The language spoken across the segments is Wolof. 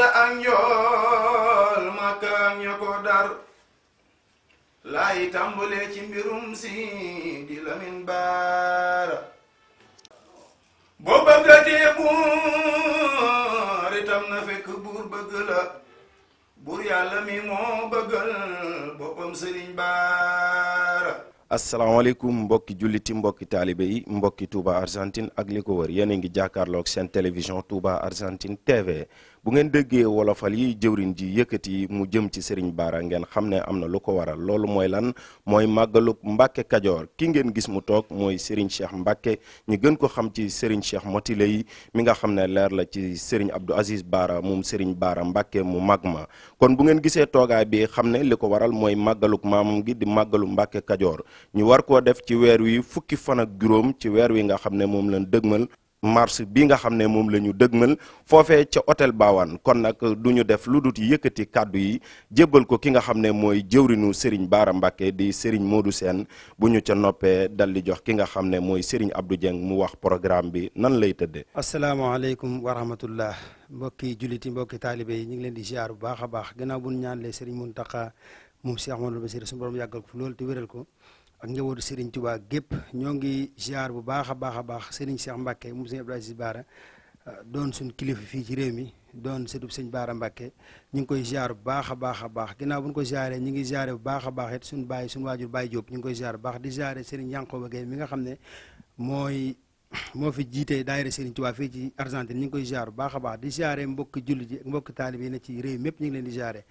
la ak njool màkkaak ña ko dar laay tàmbalee ci mbirum si di lamin baara boo bëggatee buur itam na fekk buur bëgg la buur yàlla mi moo bëggal boppam sëriñ baara asalaamaaleykum mbokki julliti mbokki taalibe yi mbokki Touba Argentine ak li ko wër yéen a ngi jàkkaarloog seen télévision Touba Argentine TV bu ngeen déggee wolofal yi jëwriñ ji yëkkati mu jëm ci Serigne Bara ngeen xam ne am na lu ko waral loolu mooy lan mooy màggalub Mbacke Kajoor ki ngeen gis mu toog mooy Serigne Cheikh Mbacke ñu gën ko xam ci Serigne Cheikh motiley yi mi nga xam ne leer la ci Serigne Abdou Aziz Bara moom Serigne Bara Mbacke mu mag ma kon bu ngeen gisee toogaay bi xam ne li ko waral mooy màggaluk maamam gi di màggalu Mbacke Kajoor ñu war koo def ci weer wi fukki fan ak juróom ci weer wi nga xam ne moom lañ dëgmal mars bi nga xam ne moom la ñu dëgmal foofee ca hôtel Bawane kon nag du ñu def lu dut yëkkati kàddu yi jébbal ko ki nga xam ne mooy jëwrinu Serigne Bara Mbacké di Serigne Modou seen bu ñu ca noppee dal di jox ki nga xam ne mooy Serigne Abdou Dieng mu wax programme bi nan lay tëddee. asalaamaaleykum wa rahmatullah mbokki jullit yi mbokki taalibe yi ñu ngi leen di jaar bu baax a baax gannaaw bu ñu ñaanalee Serigne Mountakha moom Cheikh Ahmadou Bassirou suñu borom yàggal ko loolu te wéral ko. ak njabootu Serigne Touba gépp ñoo ngi ziar bu baax a baax a baax Serigne Cheikh Mbacke moom Serigne Abdou Aziz Baara euh, doon suñ kilifa fii ci réew mi doon sëtub Serigne Baara Mbacke ñu ngi koy ziar bu baax a baax a baax ginnaaw bu ñu ko ziaree ñu ngi ziare bu baax a baax it suñu bàyyi suñu waajur bàyyi Diop ñu ngi koy ziar bu baax di ziare Serigne Yankoba Gueye mi nga xam ne mooy moo fi jiite daayira Serigne Touba fii ci Argentine ñu ngi koy ziar bu baax a baax di ziare mbokki julli yi mbokki taalib yi ne ci réew mépp ñu ngi leen di ziare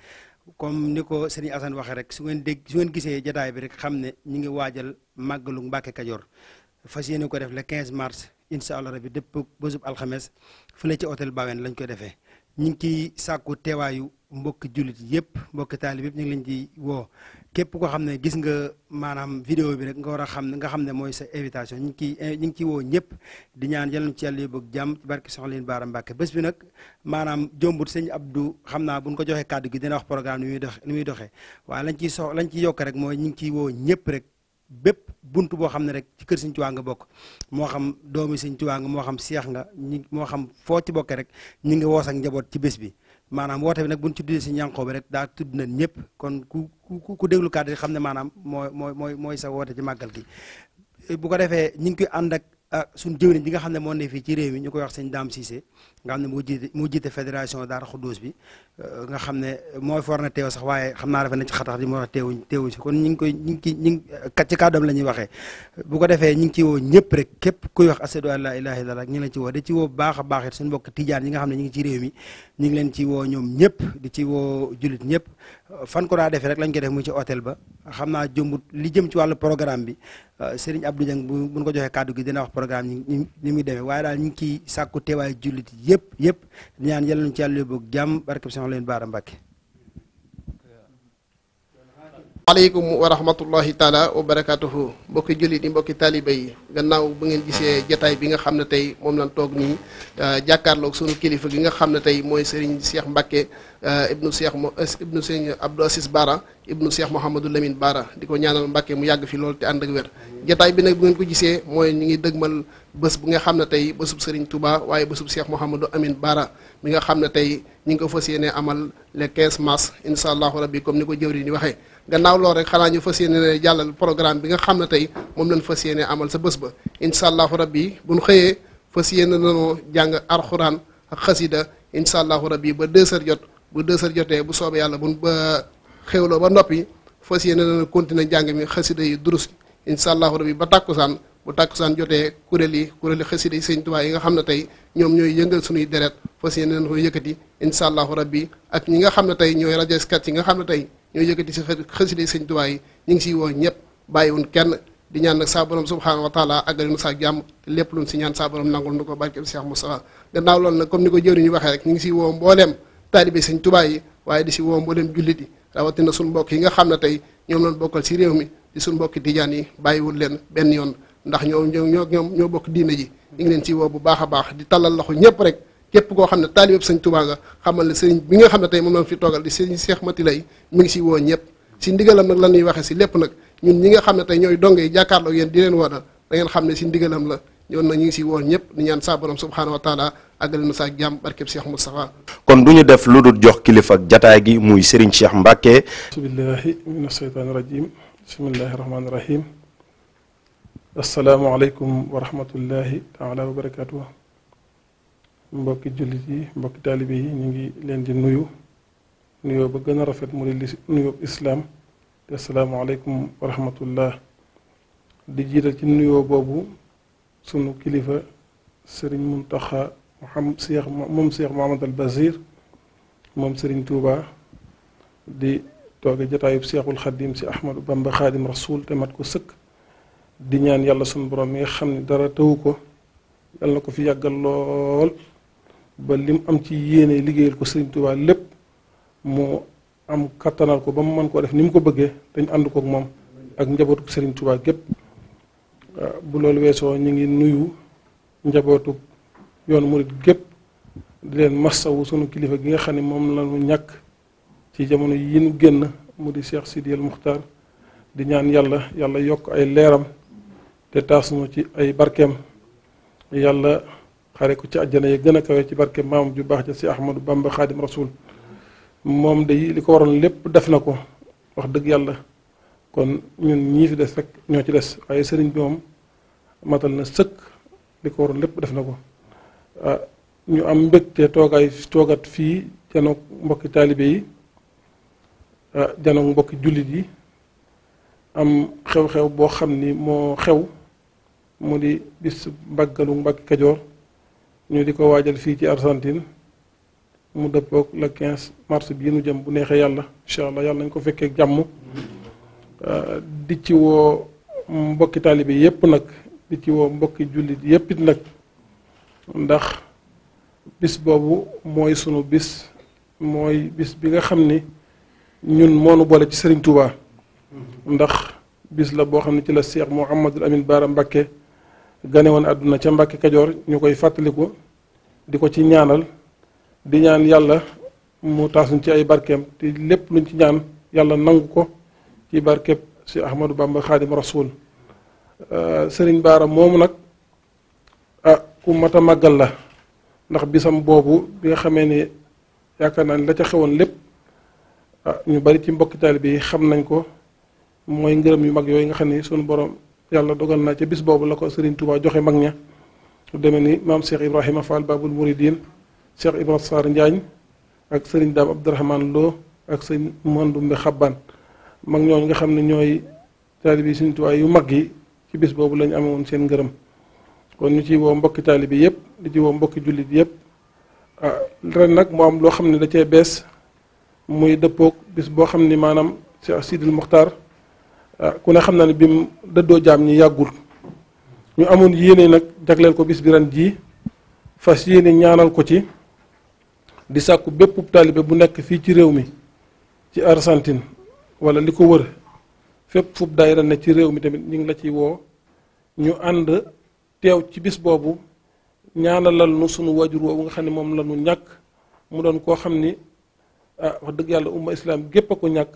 comme ni ko sëriñ Assane waxee rek su ngeen dégg su ngeen gisee jataay bi rek xam ne ñu ngi waajal màggalu Mbàkke Kajoor fas yéene ko def le 15 mars incha allah rabi dëpp bésub alxames fële ci hôtel Bawen lañ koy defee ñu ngi ciy sàkku teewaayu mbokki jullit yëpp mbokki taali bépp ñu ngi leen ci woo képp koo xam ne gis nga maanaam vidéo bi rek nga war a xam nga xam ne mooy sa invitation ñu ngi ciy eh, ñu ciy woo ñëpp di ñaan yàlla ci yàlla yóbbu ak jàmm ci barke soxna leen Baara Mbàkke bés bi nag maanaam jombut sëñ Abdou xam naa bu ñu ko joxee kàddu gi dina wax programme ni muy dox ni muy doxee waaye lañ ciy sox lañ ciy yokk rek mooy ñu ngi ciy woo ñëpp rek bépp bunt boo xam ne rek ci kër Sëñ Tuubaa nga bokk moo xam doomi Sëñ Tuubaa moo xam seex nga ñi moo xam foo ci bokkee rek ñi ngi woos ak njaboot ci bés bi maanaam woote bi nag bu ñu si Sëñ Yankooba rek daa tudd na ñëpp kon ku ku ku déglu kàddu xam ne maanaam mooy mooy mooy mooy sa woote ci màggal gi bu ko defee ñi ngi koy ànd Ah, suñu jëwriñ bi nga xam ne moo ne fii ci réew mi ñu koy wax sëñ Dame Cissé nga xam ne moo jiite moo jiite fédération Daara Xuddoos bi euh, nga xam ne mooy for na teew sax waaye xam naa dafa ne ci xatax di moo wax teewuñ teewuñ si kon ñu ngi koy ñu ngi ci ñu ngi ci kàddoom la ñuy waxee bu ko defee ñu ngi ci woo ñëpp rek képp kuy wax ashadu an laa ilaaha illallaah ñu ngi leen ci ci woo a baax it suñu mbokk tijaan yi nga xam ne ñu ngi ci réew mi ñu ngi leen ci woo ñoom ñëpp di ci woo julit ñëpp fan ko daa defee rek lañ ko def muy ci hôtel ba xam naa jëmbut li jëm ci wàllu programme bi Euh, Serigne Abdou Dieng bu bu ñu ko joxee kàddu gi dina wax programme ni ni muy demee waaye daal ñu ngi ciy sàkku teewaay jullit yëpp yëpp ñaan yàlla nañu ci yàlla yóbbu jàmm barke bi soxla leen baara Mbàkke aleykum wa rahmatullahi taala wa barakaatuhu mbokki jullit yi mbokki taaliba yi gannaaw ba ngeen gisee jataay bi nga xam ne tey moom lañ toog nii euh, jàkkaarloog sunu kilifa gi nga xam ne tey mooy Serigne Cheikh Mbacke euh, ibnu Cheikh mo euh, ibnu Serigne Abdou Assis Bara ibnu Cheikh Mouhamadou Lamine Bara di ko ñaanal Mbacke mu yàgg fi loolu te ànd ak wér jataay bi nag bu ngeen ko gisee mooy ñu ngi dëgmal bës bu nga xam ne tey bésub Serigne Touba waaye bésub Cheikh Mouhamadou Amine Bara mi nga xam ne tey ñu ngi ko fas yéene amal le 15 mars incha allahu rabbi comme ni ko jëwri ni waxee gannaaw lool rek xanaa ñu fas yéene jàllal programme bi nga xam ne tey moom lañ fas yéene amal sa bés ba incha allahu rabbi bu ñu xëyee fas yéene ne jàng arxuraan ak incha allahu rabbi ba deux heures jot bu deux heures jotee bu soobee yàlla bu ba xewloo ba noppi fas yéene nanoo jàng mi xasida yi durus incha allahu rabbi ba tàkkusaan bu tàkkusaan jotee kuréel yi kuréeli xasida yi sëñ yi nga xam ne tey ñoom ñooy yëngal suñuy deret fas yéene nanoo yëkkati incha allahu rabbi ak ñi nga xam ne tey ñooy rajo skat yi nga xam ne tey ñoo yëkkati si xasida sëñ Tuubaa yi ñu ngi siy woo kenn di ñaan nag saa borom wa taala àggali nu saa lépp luñ si ñaan saa borom nangul nu ko barkeb Cheikh Moustapha gannaaw loolu nag ni ko jëriñu waxee rek ñu ngi siy woo mbooleem taalibe sëñ Tuubaa yi waaye di si woo mbooleem jullit yi rawatina suñ mbokk yi nga xam ne tey ñoom lañ bokkal si réew mi di suñ mbokki tijaan yi bàyyiwul leen benn yoon ndax ñoo ñoo ñoom ñoo bokk diina ji ñu ngi leen si wow bu baax a baax di tallal loxo ñëpp rek képp koo xam ne taalibeb sëñ Tuubaa nga xamal ne sëriñ bi nga xam ne tey moom la fi toogal di sëriñ Seex Mati Lay mi ngi si woo ñëpp si ndigalam nag la ñuy waxee si lépp nag ñun ñi nga xam ne tey ñooy donge yi jàkkaarloo yéen di leen woonal da ngeen xam ne si ndigalam la ñoon nag ñu ngi si woo ñëpp di ñaan saa borom subhaanahu wa taala àggale na saa jàmm barkeb Seex Mustafaa kon du ñu def lu dul jox kilifa jataay gi muy sëriñ Cheikh Mbàkke bismillahi mina shaytaani rajim bismillahi rahmaani rahim asalaamaaleykum wa rahmatullahi taala wa mbokki jullit yi mbokki taalibe yi ñu ngi leen di nuyu nuyoo ba gën a rafet mu di nuyoo islaam te asalaamaaleykum wa rahmatullah di jiital ci nuyoo boobu sunu kilifa sëriñ Muntaxa Muhammad Seex moom Seex sëriñ Tuuba di tooge jataayub Seexul Xadim si Ahmadu Bamba Xaadim Rasuul te mat ko sëkk di ñaan yàlla sunu borom mi xam ne dara tëwu ko yàlla ko fi yàggal lool ba lim am ci yéene liggéeyal ko Sëriñ Tuubaa lépp mu am kattanal ko ba mu mën koo def ni mu ko bëggee dañ ànd kook moom ak njabootu Sëriñ Tuubaa gépp ah, bu loolu weesoo ñu ngi nuyu njabootu yoon murit gépp di leen massawu sunu kilifa gi nga xam ni moom la ñu ñàkk ci jamono yi ñu génn mu di Cheikh Sidiyal Muxtaar di ñaan yàlla yàlla yokk ay leeram te taas ci ay barkeem yàlla xare ko ci àjjana ya gën a kawee ci barke maam ju baax ja si Ahmadou Bamba xaadim rasul moom de li ko waroon lépp def na ko wax dëgg yàlla kon ñun ñii fi des ñoo ci des waaye sëriñ bi moom na sëkk li ko waroon lépp def na ko ah, ñu am mbégte toogaay toogat fii janoog mbokki taalibe yi ah, janoog mbokki jullit yi am xew-xew boo xam ni moo xew mu di bis mbàggalu Mbàkke Kajoor ñu di ko waajal fii ci Argentine mu dëppook le 15 mars bii nu jëm bu neexee yàlla incha allah yàlla nañ ko fekkee jàmm euh, di ci woo mbokki taalibe yépp nag di ci woo mbokki jullit yépp it nag ndax bis boobu mooy sunu bis mooy bis bi nga xam ni ñun moo nu boole ci sëriñ tubaa ndax bis la boo xam ne ci la Cheikh Mouhamadul Amin Baara Mbakke gane àdduna ca Mbàkke Kajoor ñu koy fàttaliku di ko ci ñaanal di ñaan yàlla mu taasuñ ci ay barkeem te lépp luñ ci ñaan yàlla nangu ko ci barkeem si Ahmadou Bamba Xaadim Rasuul euh, sëriñ Baara moomu nag ah ku mat a màggal la ndax bisam boobu bi nga xamee ni yaakaar naa ni la ca xewoon lépp ah ñu bari ci mbokki taalibe yi xam nañ ko mooy ngërëm yu mag yooyu nga xam ni sunu borom. yàlla dogal naa ci bis boobu la ko Serigne Touba joxe mag ña lu demee ni maam Cheikh Ibrahima Fall Babul Mouridine Cheikh Ibrahima Sarr Njaañ ak Serigne Dame Abdourahmane Lo ak sëñ Mandumbe Xabbaan mag ñooñu nga xam ne ñooy taalibe yi Serigne Touba yu mag yi ci bis boobu lañu ñu amee woon seen ngërëm kon ñu ci woo mbokki taalibe yëpp di ci woo mbokki jullit yëpp ah nag moo am loo xam ne da cee bees muy dëppoog bis boo xam ne maanaam Cheikh Sidil Muxtaar ku ne xam naa ne bi mu dëddoo jaam ñi yàggul ñu amoon yéene nag jagleel ko bis bi ren jii fas yéene ñaanal ko ci di sàkku bépp taalibe bu nekk fii ci réew mi ci Argentine wala li ko wër fépp fub daayira ne ci réew mi tamit ñu ngi la ci woo ñu ànd teew ci bis boobu ñaanalal nu sunu wajur woowu nga xam ne moom la nu ñàkk mu doon koo xam ni ah wax dëgg yàlla umma islam gépp a ko ñàkk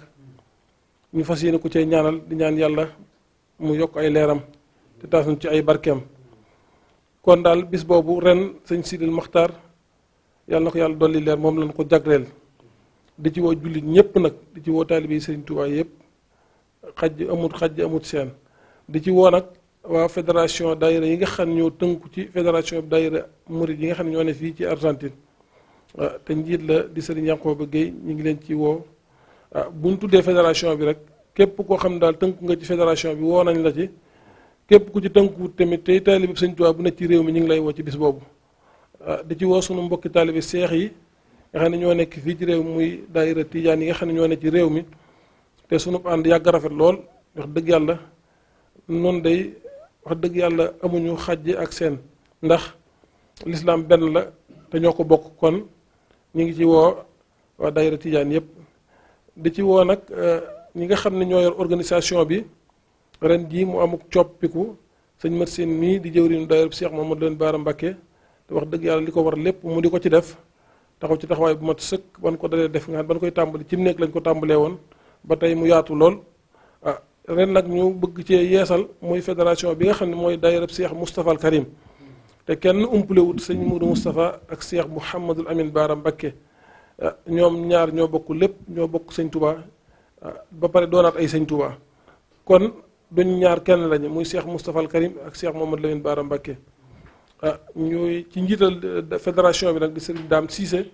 ñu fas yéene ko cee ñaanal di ñaan yàlla mu yokk ay leeram te taas ci ay barkeem kon daal bis boobu ren sëñ Sidil Maxtaar yàlla na ko yàlla dolli leer moom lañ ko jagreel di ci woo jullit ñëpp nag di ci woo taalibe yi sëñ Tuubaa yëpp xaj amut xaj amut seen di ci woo nag waa fédération daayira yi nga xam ñoo tënku ci fédération daayira murid yi nga xam ñoo ne fii ci Argentine te njiit la di sëriñ Yankoba Gueye ñu ngi leen ci woo Ah, bu ñu tuddee fédération bi rek képp koo xam daal tënku nga ci fédération bi woo nañ la ci képp ku ci tënku tamit tey taalibe Sëñ Tuubaa bu nekk ci réew mi ñu ngi lay woo ci bis boobu ah, di ci woo sunu mbokki taalibe seex yi nga xam nekk fii ci réew muy daayira tijaan yi nga xam ne ñoo nekk ci réew mi te sunu ànd yàgg rafet lool wax dëgg yàlla noon day wax dëgg yàlla amuñu xaj ak seen ndax lislaam benn la te ñoo ko bokk kon ñu ngi ci woo waa daayira tijaan yëpp di ci woo nag euh, ñi nga xam ne ñoo yor organisation bi ren jii mu amuk coppiku sëñ mat seen mii di jëwriñu daayira Cheikh Mamadou Lamine Bara Mbacké te wax dëgg yàlla li ko war lépp mu di ko ci def taxaw ci taxawaay bu mat sëkk ban ko dalee def nga xam ban koy tàmbali ci mu nekk lañ ko tàmbalee woon ba tey mu yaatu lool ah ren nag ñu bëgg cee yeesal muy fédération bi nga xam ne mooy daayira Cheikh Moustapha al Karim te kenn umpalewut sëñ Moudou Moustapha ak Cheikh Mouhamadou Amine Bara Mbacké Ah, ñoom ñaar ñoo bokk lépp ñoo bokk sëñ Touba ah, ba pare doonaat ay sëñ Touba kon duñ ñaar kenn lañu muy Cheikh Moustapha al Karim ak Cheikh Mohamed Lamine Bara Mbacké ah, ñuy ci njiital fédération bi nag di seen Dame Cissé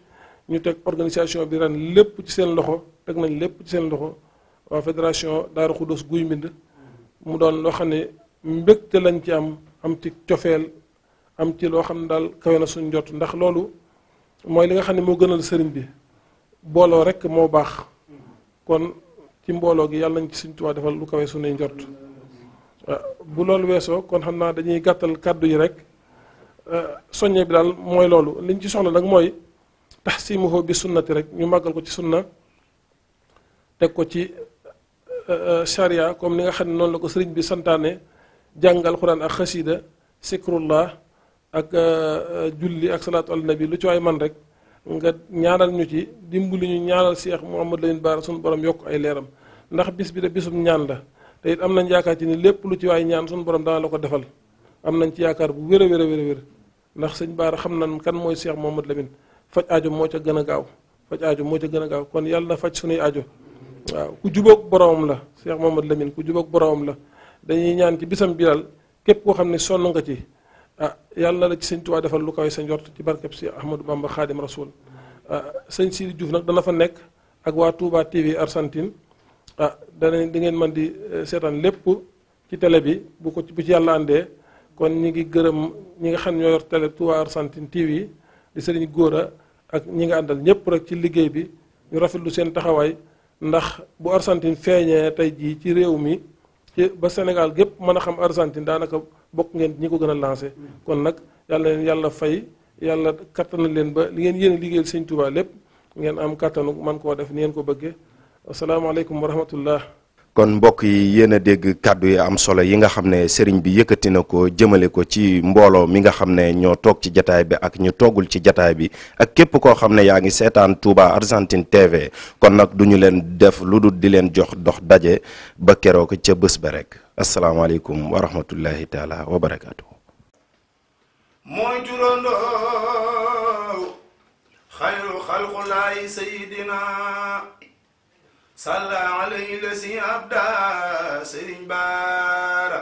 ñu teg organisation bi ren lépp ci seen loxo teg nañ lépp ci seen loxo waa fédération Daaru Xuddos Guy Mbind mu doon loo xam ne te lañ ci am am ci cofeel am ci loo xam ne daal kawe na suñ jot ndax loolu mooy li nga xam ne moo gënal sëriñ bi booloo rek moo baax kon ci mbooloo gi yàlla nañ ci Sëriñ Tuubaa defal lu kawee suñuy njort ah, bu loolu weesoo kon xam naa dañuy gàttal kàddu yi rek ah, soññe bi daal mooy loolu liñ ci soxla nag mooy taxsimuhu bi sunnati rek ñu màggal ko ci sunna teg ko ci charia ah, comme li nga xam ne noonu la ko sëriñ bi santaane jàngal xuraan ak xasiida sikrullah ak euh, euh, julli ak salaatu ala bi lu ci waay man rek nga ñaanal ñu ci dimbali ñu ñaanal Cheikh Mouhamadou Lamine Bara suñu borom yokk ay leeram ndax bis bi de bisum ñaan la te am nañ yaakaar ci ni lépp lu ci waay ñaan suñu borom dana la ko defal am nañ ci yaakaar bu wér a wér a wér ndax sëñ Bara xam nañ kan mooy Cheikh Mouhamadou Lamine faj ajo moo ca gën a gaaw faj aajo moo ca gën a gaaw kon yàlla faj suñuy ajo waaw ku jubóog boromam la Cheikh Mouhamadou Lamine ku jubóog boromam la dañuy ñaan ci bisam biral képp koo xam ne sonn nga ci ah yàlla na la ci sëñ Tuubaa defal lu kawe sa njort ci barkeb si Ahmadou Bamba Xaadim Rasul ah sëñ Sidi Diouf nag dana fa nekk ak waa tuubaa Touba yi Argentine ah danañ di ngeen man di eh, seetaan lépp ci tele bi bu ko bu ci yàlla àndee kon ñi ngi gërëm ñi nga xam ñoo yor télé Touba Argentine yi di sëriñ Góora ak ñi nga àndal ñëpp rek ci liggéey bi ñu rafetlu seen taxawaay ndax bu Argentine feeñee tey jii ci réew mi. ci ba Sénégal gépp mën a xam Argentine daanaka bokk ngeen ñi ko gën a lancé kon nag yàlla leen yàlla fay yàlla kattanal leen ba li ngeen yéen liggéey liggéeyal sëñ lépp ngeen am kattanu man koo def ni ngeen ko bëggee asalaamaaleykum wa rahmatullah kon mbokk yi yéen a dégg kàddu yi am solo yi nga xam ne sëriñ bi yëkkati na ko jëmale ko ci mbooloo mi nga xam ne ñoo toog ci jataay bi ak ñu toogul ci jataay bi ak képp koo xam ne yaa ngi seetaan Touba Argentine TV kon nag du ñu leen def lu dul di leen jox dox daje ba keroog ca bës ba rek asalaamaaleykum wa rahmatullahi taala wa barakaatu. mooy turandoo xayru xalqulaahi sayidina salla alayhi la si abda sëriñ baara